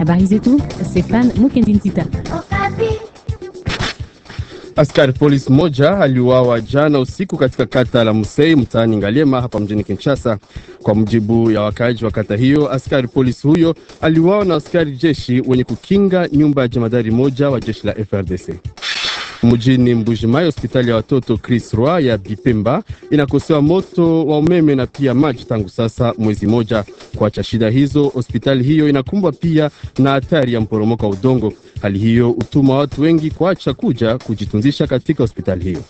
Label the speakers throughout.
Speaker 1: Habari zetu Stefan Mukendintita.
Speaker 2: Askari polisi moja aliuawa jana usiku katika kata la Musei mtaani Ngaliema hapa mjini Kinshasa. Kwa mujibu ya wakaaji wa kata hiyo, askari polisi huyo aliuawa na askari jeshi wenye kukinga nyumba ya jemadari moja wa jeshi la FRDC. Mjini Mbujimai, hospitali ya watoto Chris Roy ya Bipemba inakosewa moto wa umeme na pia maji tangu sasa mwezi moja. Kuacha shida hizo, hospitali hiyo inakumbwa pia na hatari ya mporomoko wa udongo. Hali hiyo hutuma watu wengi kuacha kuja kujitunzisha katika hospitali hiyo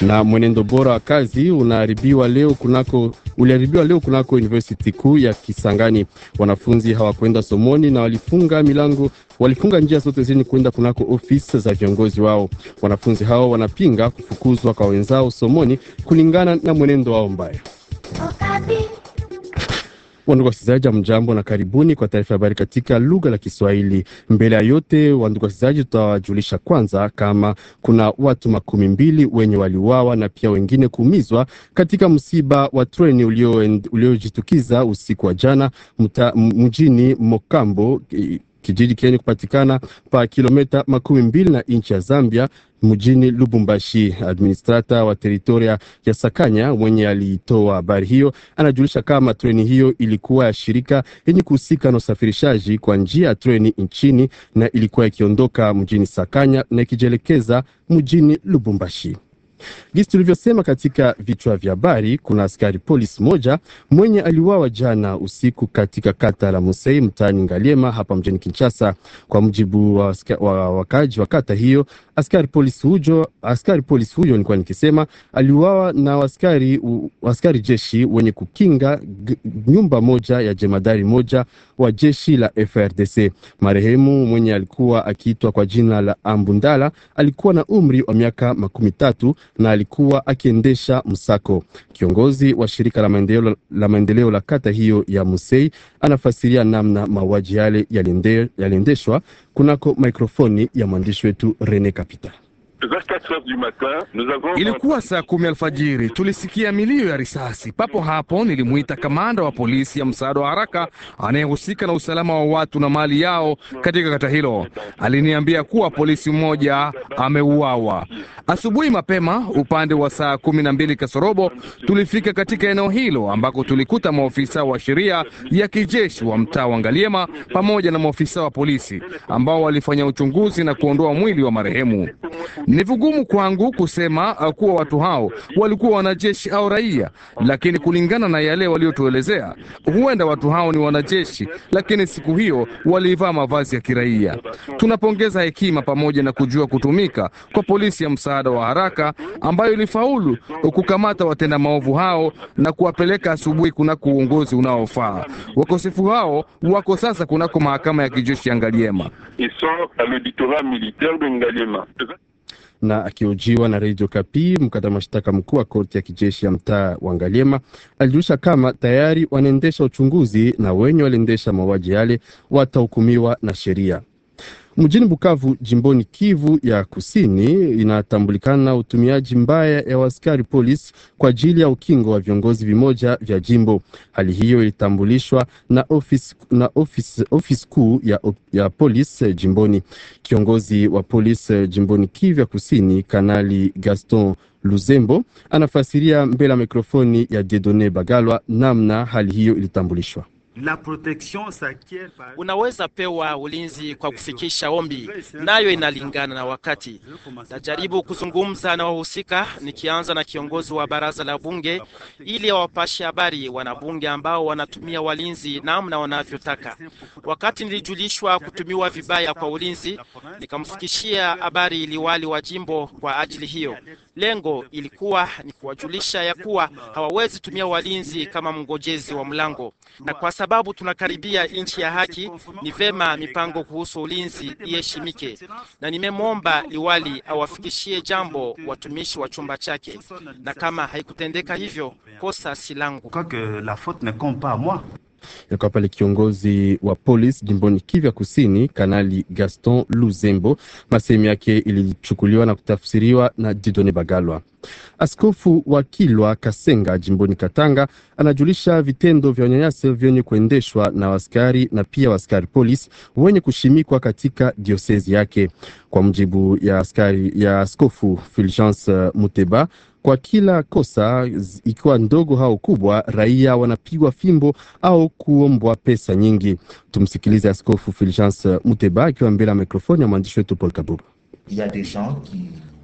Speaker 2: na mwenendo bora wa kazi unaharibiwa leo kunako uliharibiwa leo kunako university kuu ya Kisangani. Wanafunzi hawakwenda somoni na walifunga milango, walifunga njia zote zenye kwenda kunako ofisi za viongozi wao. Wanafunzi hao wanapinga kufukuzwa kwa wenzao somoni kulingana na mwenendo wao mbaya. Wandugu wasikilizaji, mjambo na karibuni kwa taarifa ya habari katika lugha la Kiswahili. Mbele ya yote, wandugu wasikilizaji, tutawajulisha kwanza kama kuna watu makumi mbili wenye waliuawa na pia wengine kuumizwa katika msiba wa treni uliojitukiza usiku wa jana mjini Mokambo kijiji kenye kupatikana pa kilometa makumi mbili na nchi ya Zambia mjini Lubumbashi. Administrata wa teritoria ya Sakanya mwenye aliitoa habari hiyo anajulisha kama treni hiyo ilikuwa ya shirika yenye kuhusika na usafirishaji kwa njia ya treni nchini na ilikuwa ikiondoka mjini Sakanya na ikijielekeza mjini Lubumbashi. Gisi tulivyosema katika vichwa vya habari, kuna askari polisi moja mwenye aliuawa jana usiku katika kata la Musei mtaani Ngaliema hapa mjini Kinshasa. Kwa mujibu wa wakaji wa kata hiyo, askari polisi hujo, askari polisi huyo nilikuwa nikisema aliuawa na askari askari jeshi wenye kukinga nyumba moja ya jemadari moja wa jeshi la FRDC. Marehemu mwenye alikuwa akiitwa kwa jina la Ambundala alikuwa na umri wa miaka makumi tatu na alikuwa akiendesha msako. Kiongozi wa shirika la maendeleo la maendeleo la kata hiyo ya Musei anafasiria namna mauaji yale yaliendeshwa kunako mikrofoni ya mwandishi wetu Rene Kapita du
Speaker 1: matin,
Speaker 2: ilikuwa saa kumi alfajiri, tulisikia milio ya risasi. Papo hapo nilimwita kamanda wa polisi ya msaada wa haraka anayehusika na usalama wa watu na mali yao katika kata hilo. Aliniambia kuwa polisi mmoja ameuawa. Asubuhi mapema, upande wa saa kumi na mbili kasorobo, tulifika katika eneo hilo ambako tulikuta maofisa wa sheria ya kijeshi wa mtaa wa Ngaliema pamoja na maofisa wa polisi ambao walifanya uchunguzi na kuondoa mwili wa marehemu. Ni vigumu kwangu kusema uh, kuwa watu hao walikuwa wanajeshi au raia, lakini kulingana na yale waliotuelezea, huenda watu hao ni wanajeshi, lakini siku hiyo walivaa mavazi ya kiraia. Tunapongeza hekima pamoja na kujua kutumika kwa polisi ya msaada wa haraka ambayo ilifaulu kukamata watenda maovu hao na kuwapeleka asubuhi kunako uongozi unaofaa. Wakosefu hao wako sasa kunako mahakama ya kijeshi ya Ngaliema na akiojiwa na redio Kapi, mkata mashtaka mkuu wa korti ya kijeshi ya mtaa wa Ngaliema alijulisha kama tayari wanaendesha uchunguzi na wenye waliendesha mauaji yale watahukumiwa na sheria. Mjini Bukavu, jimboni Kivu ya Kusini, inatambulikana utumiaji mbaya ya waskari polis kwa ajili ya ukingo wa viongozi vimoja vya jimbo. Hali hiyo ilitambulishwa na ofisi na ofisi, ofisi kuu ya, ya polis jimboni. Kiongozi wa polis jimboni Kivu ya Kusini, Kanali Gaston Luzembo anafasiria mbele ya mikrofoni ya Dedone Bagalwa namna hali hiyo ilitambulishwa.
Speaker 3: La protection s'acquiert par... Unaweza
Speaker 4: pewa ulinzi kwa kufikisha ombi, nayo inalingana na wakati. Najaribu kuzungumza na wahusika, nikianza na kiongozi wa baraza la bunge ili awapashe habari wanabunge ambao wanatumia walinzi namna wanavyotaka. Wakati nilijulishwa kutumiwa vibaya kwa ulinzi, nikamfikishia habari liwali wa jimbo kwa ajili hiyo. Lengo ilikuwa ni kuwajulisha ya kuwa hawawezi tumia walinzi kama mngojezi wa mlango, na kwa sababu tunakaribia nchi ya haki, ni vema mipango kuhusu ulinzi iheshimike, na nimemwomba liwali awafikishie jambo watumishi wa chumba chake, na kama haikutendeka hivyo, kosa si langu.
Speaker 2: Ilikuwa pale kiongozi wa polisi jimboni Kivya Kusini, Kanali Gaston Luzembo. Masehemu yake ilichukuliwa na kutafsiriwa na Didone Bagalwa. Askofu wa Kilwa Kasenga jimboni Katanga anajulisha vitendo vya unyanyasa vyenye kuendeshwa na waskari na pia waskari polisi wenye kushimikwa katika diosezi yake. Kwa mujibu ya askari ya askofu Fulgence Muteba kwa kila kosa, ikiwa ndogo au kubwa, raia wanapigwa fimbo au kuombwa pesa nyingi. Tumsikilize Askofu Fulgence Muteba akiwa mbele ya mikrofoni ya mwandishi wetu Paul Kabubu.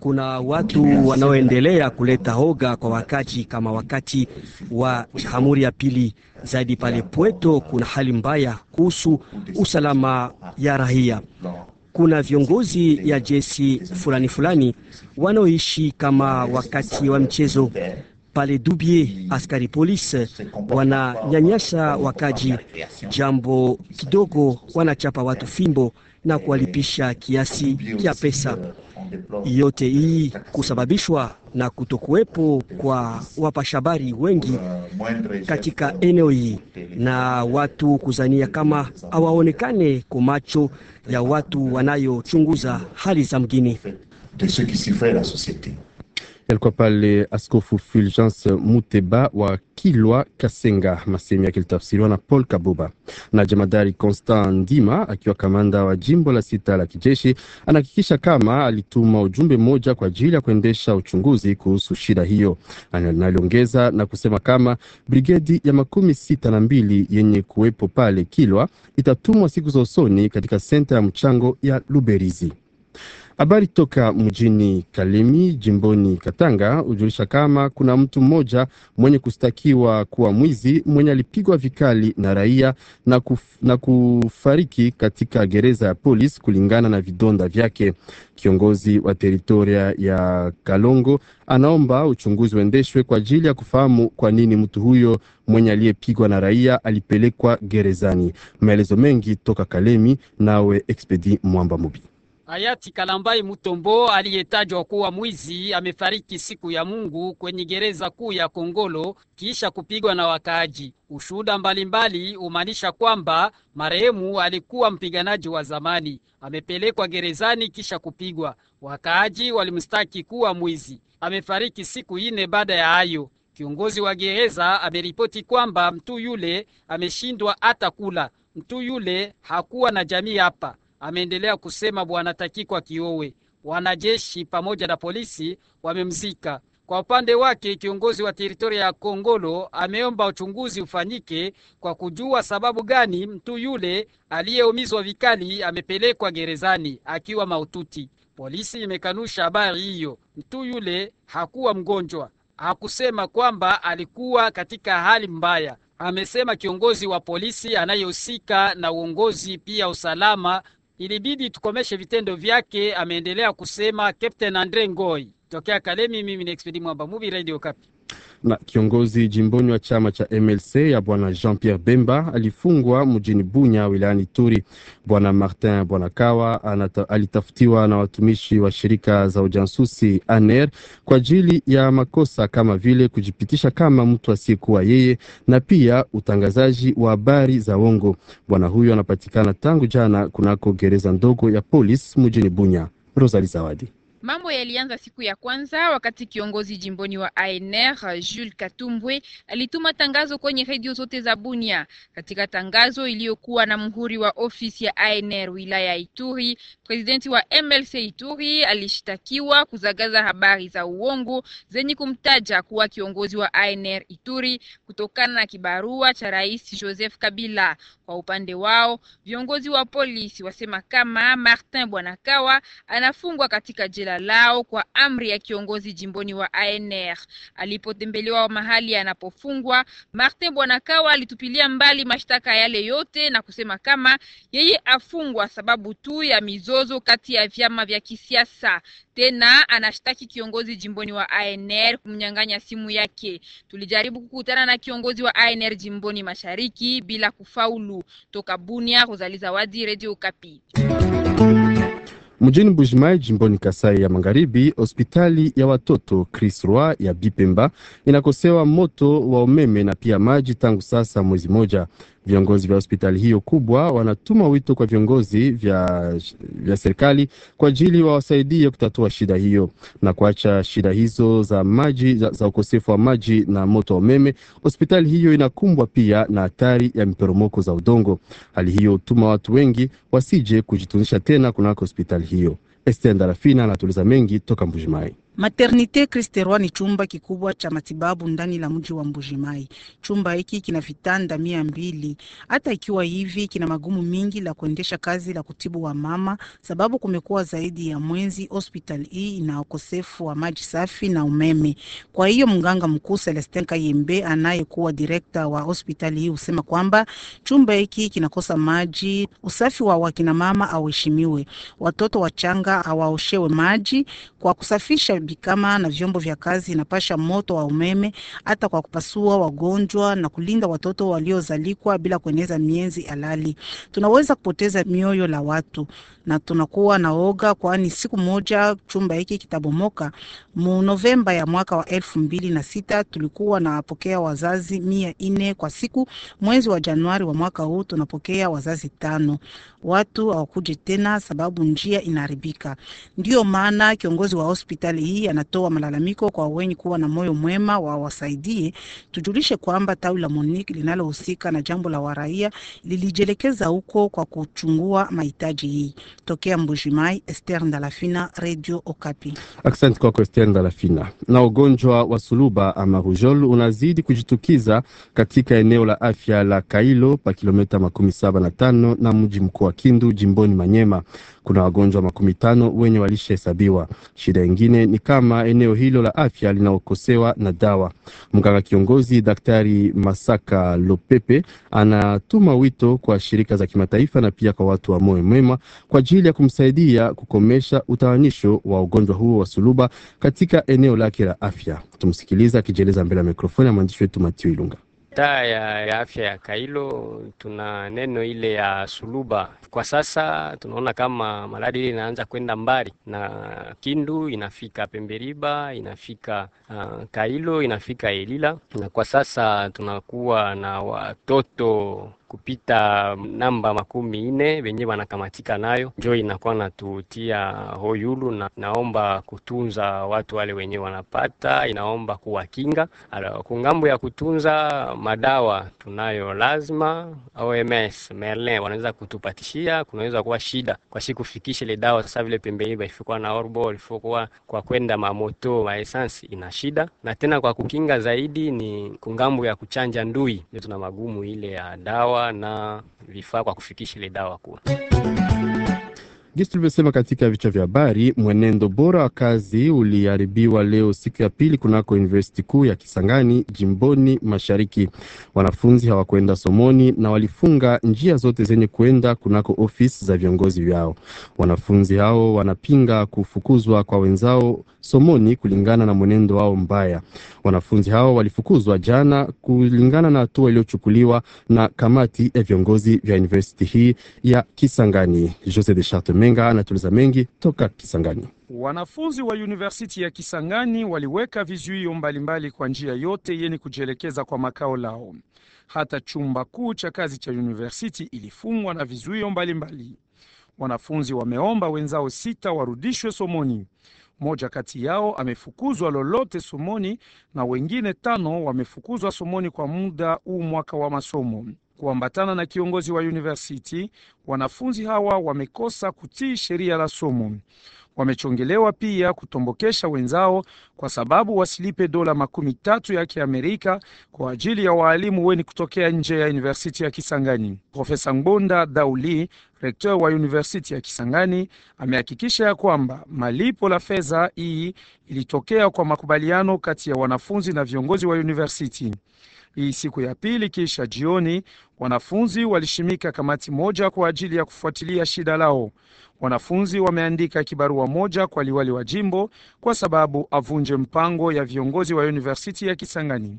Speaker 4: Kuna watu wanaoendelea kuleta hoga kwa wakati kama wakati wa jamhuri ya pili zaidi pale Pweto. Kuna hali mbaya kuhusu usalama ya raia kuna viongozi ya jeshi fulani fulani wanaoishi kama wakati wa mchezo pale Dubie askari polisi wananyanyasa wakaji, jambo kidogo wanachapa watu fimbo na kuwalipisha kiasi cha pesa. Yote hii kusababishwa na kutokuwepo kwa wapashabari wengi katika eneo hii na watu kuzania kama hawaonekane kwa macho ya watu wanayochunguza hali za mgini.
Speaker 2: Yalikuwa pale Askofu Fulgence Muteba wa Kilwa Kasenga, masemi yakilitafsiriwa na Paul Kabuba. Na jemadari Constant Ndima akiwa kamanda wa jimbo la sita la kijeshi anahakikisha kama alituma ujumbe mmoja kwa ajili ya kuendesha uchunguzi kuhusu shida hiyo. Analiongeza na kusema kama brigedi ya makumi sita na mbili yenye kuwepo pale Kilwa itatumwa siku za usoni katika senta ya mchango ya Luberizi. Habari toka mjini Kalemi jimboni Katanga hujulisha kama kuna mtu mmoja mwenye kustakiwa kuwa mwizi mwenye alipigwa vikali na raia na, kuf, na kufariki katika gereza ya polisi kulingana na vidonda vyake. Kiongozi wa teritoria ya Kalongo anaomba uchunguzi uendeshwe kwa ajili ya kufahamu kwa nini mtu huyo mwenye aliyepigwa na raia alipelekwa gerezani. Maelezo mengi toka Kalemi, nawe Expedi Mwamba Mubi.
Speaker 4: Hayati Kalambai Mutombo aliyetajwa kuwa mwizi amefariki siku ya Mungu kwenye gereza kuu ya Kongolo kisha kupigwa na wakaaji. Ushuhuda mbalimbali umanisha kwamba marehemu alikuwa mpiganaji wa zamani, amepelekwa gerezani kisha kupigwa. Wakaaji walimstaki kuwa mwizi. Amefariki siku ine baada ya hayo. Kiongozi wa gereza ameripoti kwamba mtu yule ameshindwa hata kula. Mtu yule hakuwa na jamii hapa. Ameendelea kusema Bwana Takikwa Kiowe. Wanajeshi pamoja na polisi wamemzika. Kwa upande wake kiongozi wa teritoria ya Kongolo ameomba uchunguzi ufanyike kwa kujua sababu gani mtu yule aliyeumizwa vikali amepelekwa gerezani akiwa maututi. Polisi imekanusha habari hiyo. Mtu yule hakuwa mgonjwa, hakusema kwamba alikuwa katika hali mbaya, amesema kiongozi wa polisi anayehusika na uongozi pia usalama ilibidi tukomeshe vitendo vyake, ameendelea kusema Captain Andre Ngoi tokea Kalemi. Mimi ni Expedi Mwamba Mubi, Radio Kapi.
Speaker 2: Na kiongozi jimboni wa chama cha MLC ya bwana Jean Pierre Bemba alifungwa mjini Bunya wilayani Turi. Bwana Martin Bwanakawa anata, alitafutiwa na watumishi wa shirika za ujasusi ANER kwa ajili ya makosa kama vile kujipitisha kama mtu asiyekuwa yeye na pia utangazaji wa habari za wongo. Bwana huyo anapatikana tangu jana kunako gereza ndogo ya polisi mjini Bunya. Rosali Zawadi
Speaker 5: Mambo yalianza siku ya kwanza wakati kiongozi jimboni wa ANR Jules Katumbwe alituma tangazo kwenye redio zote za Bunia. Katika tangazo iliyokuwa na mhuri wa ofisi ya ANR wilaya Ituri, presidenti wa MLC Ituri alishtakiwa kuzagaza habari za uongo zenye kumtaja kuwa kiongozi wa ANR Ituri kutokana na kibarua cha Rais Joseph Kabila. Kwa upande wao, viongozi wa polisi wasema kama Martin Bwanakawa anafungwa katika jela jela lao kwa amri ya kiongozi jimboni wa ANR. Alipotembelewa mahali anapofungwa, Martin Bwanakawa alitupilia mbali mashtaka yale yote na kusema kama yeye afungwa sababu tu ya mizozo kati ya vyama vya kisiasa. Tena anashtaki kiongozi jimboni wa ANR kumnyang'anya simu yake. Tulijaribu kukutana na kiongozi wa ANR jimboni mashariki bila kufaulu. Toka Bunia, Rosalie Zawadi, Radio Kapi.
Speaker 2: Mjini Mbujimai jimboni Kasai ya Magharibi, hospitali ya watoto Chris Roy ya Bipemba inakosewa moto wa umeme na pia maji tangu sasa mwezi moja. Viongozi vya hospitali hiyo kubwa wanatuma wito kwa viongozi vya, vya serikali kwa ajili wawasaidie kutatua shida hiyo na kuacha shida hizo za maji za, za ukosefu wa maji na moto wa umeme. Hospitali hiyo inakumbwa pia na hatari ya miporomoko za udongo. Hali hiyo hutuma watu wengi wasije kujitunisha tena kunako hospitali hiyo. Esther Ndarafina anatuliza mengi toka Mbujimai.
Speaker 1: Maternite Kristerwa ni chumba kikubwa cha matibabu ndani la mji wa Mbujimai. Chumba hiki kina vitanda mia mbili. Hata ikiwa hivi, kina magumu mingi la kuendesha kazi la kutibu wa mama, sababu kumekuwa zaidi ya mwezi hospital hii ina ukosefu wa maji safi na umeme. Kwa hiyo mganga mkuu Celestin Kayembe anayekuwa direkta wa hospitali hii husema kwamba chumba hiki kinakosa maji, usafi wa wakina mama hauheshimiwe, watoto wachanga hawaoshewe maji kwa kusafisha Bikama na vyombo vya kazi inapasha moto wa umeme hata kwa kupasua wagonjwa na kulinda watoto waliozalikwa bila kueneza mienzi halali. Tunaweza kupoteza mioyo la watu na tunakuwa na oga, kwani siku moja chumba hiki kitabomoka. Mu Novemba ya mwaka wa elfu mbili na sita tulikuwa na wapokea wazazi mia nne kwa siku. Mwezi wa Januari wa mwaka huu tunapokea wazazi tano. Watu hawakuje tena sababu njia inaharibika. Ndiyo maana kiongozi wa hospitali hii hii anatoa malalamiko kwa wenye kuwa na moyo mwema wawasaidie. Tujulishe kwamba tawi la MONUC linalohusika na jambo la waraia lilijielekeza huko kwa kuchungua mahitaji hii. Tokea Mbujimai, Esther Ndalafina, Radio Okapi.
Speaker 2: Asante kwako Esther Ndalafina. Na ugonjwa wa suluba ama rujol unazidi kujitukiza katika eneo la afya la Kailo pa kilomita makumi saba na tano na mji mkuu wa Kindu jimboni Manyema kuna wagonjwa makumi tano wenye walishahesabiwa. Shida ingine ni kama eneo hilo la afya linaokosewa na dawa. Mganga kiongozi Daktari Masaka Lopepe anatuma wito kwa shirika za kimataifa na pia kwa watu wa moyo mwema kwa ajili ya kumsaidia kukomesha utawanisho wa ugonjwa huo wa suluba katika eneo lake la afya. Tumsikiliza akijieleza mbele ya mikrofoni ya mwandishi wetu Matiu Ilunga
Speaker 4: mitaa ya, ya afya ya Kailo tuna neno ile ya suluba. Kwa sasa tunaona kama malari ile inaanza kwenda mbali na Kindu, inafika Pemberiba, inafika uh, Kailo, inafika Elila, na kwa sasa tunakuwa na watoto kupita namba makumi nne venye wanakamatika nayo, njo inakuwa natutia hoyulu na, naomba kutunza watu wale wenye wanapata, inaomba kuwakinga kungambo ya kutunza madawa. Tunayo lazima OMS Merlin wanaweza kutupatishia, kunaweza kuwa shida kwa si kufikisha ile dawa sasa vile pembeni baifikuwa na orbo ilifikuwa kwa kwenda mamoto maesansi ina shida, na tena kwa kukinga zaidi ni kungambo ya kuchanja ndui, tuna magumu ile ya dawa dawa na vifaa kwa kufikisha ile dawa kule.
Speaker 2: Gisi tulivyosema katika vichwa vya habari, mwenendo bora wa kazi uliharibiwa leo siku ya pili kunako universiti kuu ya Kisangani jimboni Mashariki. Wanafunzi hawakwenda somoni na walifunga njia zote zenye kuenda kunako ofisi za viongozi vyao. Wanafunzi hao wanapinga kufukuzwa kwa wenzao somoni kulingana na mwenendo wao mbaya. Wanafunzi hao walifukuzwa jana kulingana na hatua iliyochukuliwa na kamati ya viongozi vya universiti hii ya Kisangani. Jose de Chartemain Menga anatuliza mengi toka Kisangani.
Speaker 3: Wanafunzi wa University ya Kisangani waliweka vizuio mbalimbali kwa njia yote yenye kujielekeza kwa makao lao. Hata chumba kuu cha kazi cha university ilifungwa na vizuio mbalimbali. Wanafunzi wameomba wenzao sita warudishwe somoni. Mmoja kati yao amefukuzwa lolote somoni na wengine tano wamefukuzwa somoni kwa muda huu mwaka wa masomo kuambatana na kiongozi wa university, wanafunzi hawa wamekosa kutii sheria la somo. Wamechongelewa pia kutombokesha wenzao kwa sababu wasilipe dola makumi tatu ya Kiamerika kwa ajili ya waalimu weni kutokea nje ya university ya Kisangani. Profesa Ngbonda Dauli, rektor wa university ya Kisangani, amehakikisha ya kwamba malipo la fedha hii ilitokea kwa makubaliano kati ya wanafunzi na viongozi wa university hii siku ya pili. Kisha jioni, wanafunzi walishimika kamati moja kwa ajili ya kufuatilia shida lao. Wanafunzi wameandika kibarua moja kwa liwali wa jimbo kwa sababu avunje mpango ya viongozi wa University ya Kisangani.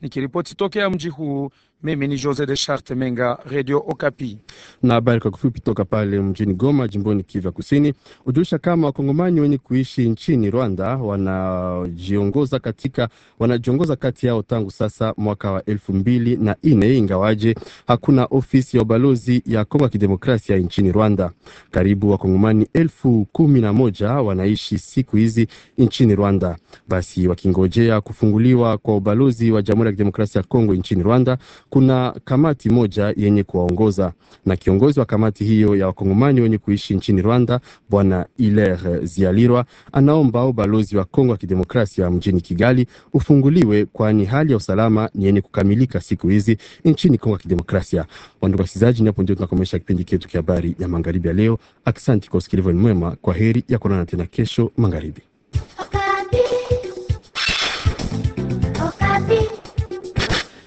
Speaker 3: Nikiripoti tokea mji huu, mimi ni Jose de Charte Menga, Radio Okapi.
Speaker 2: Na habari kwa kifupi toka pale mjini Goma, jimboni Kivu Kusini, hujulisha kama wakongomani wenye kuishi nchini Rwanda wanajiongoza katika wanajiongoza kati yao tangu sasa mwaka wa elfu mbili na nne ingawaje hakuna ofisi ya ubalozi ya Kongo ya Kidemokrasia nchini Rwanda. Karibu wakongomani elfu kumi na moja wanaishi siku hizi nchini Rwanda, basi wakingojea kufunguliwa kwa ubalozi wa Jamhuri ya Kidemokrasia ya Kongo nchini Rwanda kuna kamati moja yenye kuwaongoza, na kiongozi wa kamati hiyo ya wakongomani wenye kuishi nchini Rwanda Bwana Iler Zialirwa anaomba ubalozi wa Kongo ya Kidemokrasia mjini Kigali ufunguliwe, kwani hali ya usalama ni yenye kukamilika siku hizi nchini Kongo ya Kidemokrasia. Wandugu wasikilizaji, hapo ndio tunakomesha kipindi chetu cha habari ya magharibi ya leo. Aksanti kwa usikilivu mwema, kwa heri ya kuonana tena kesho magharibi.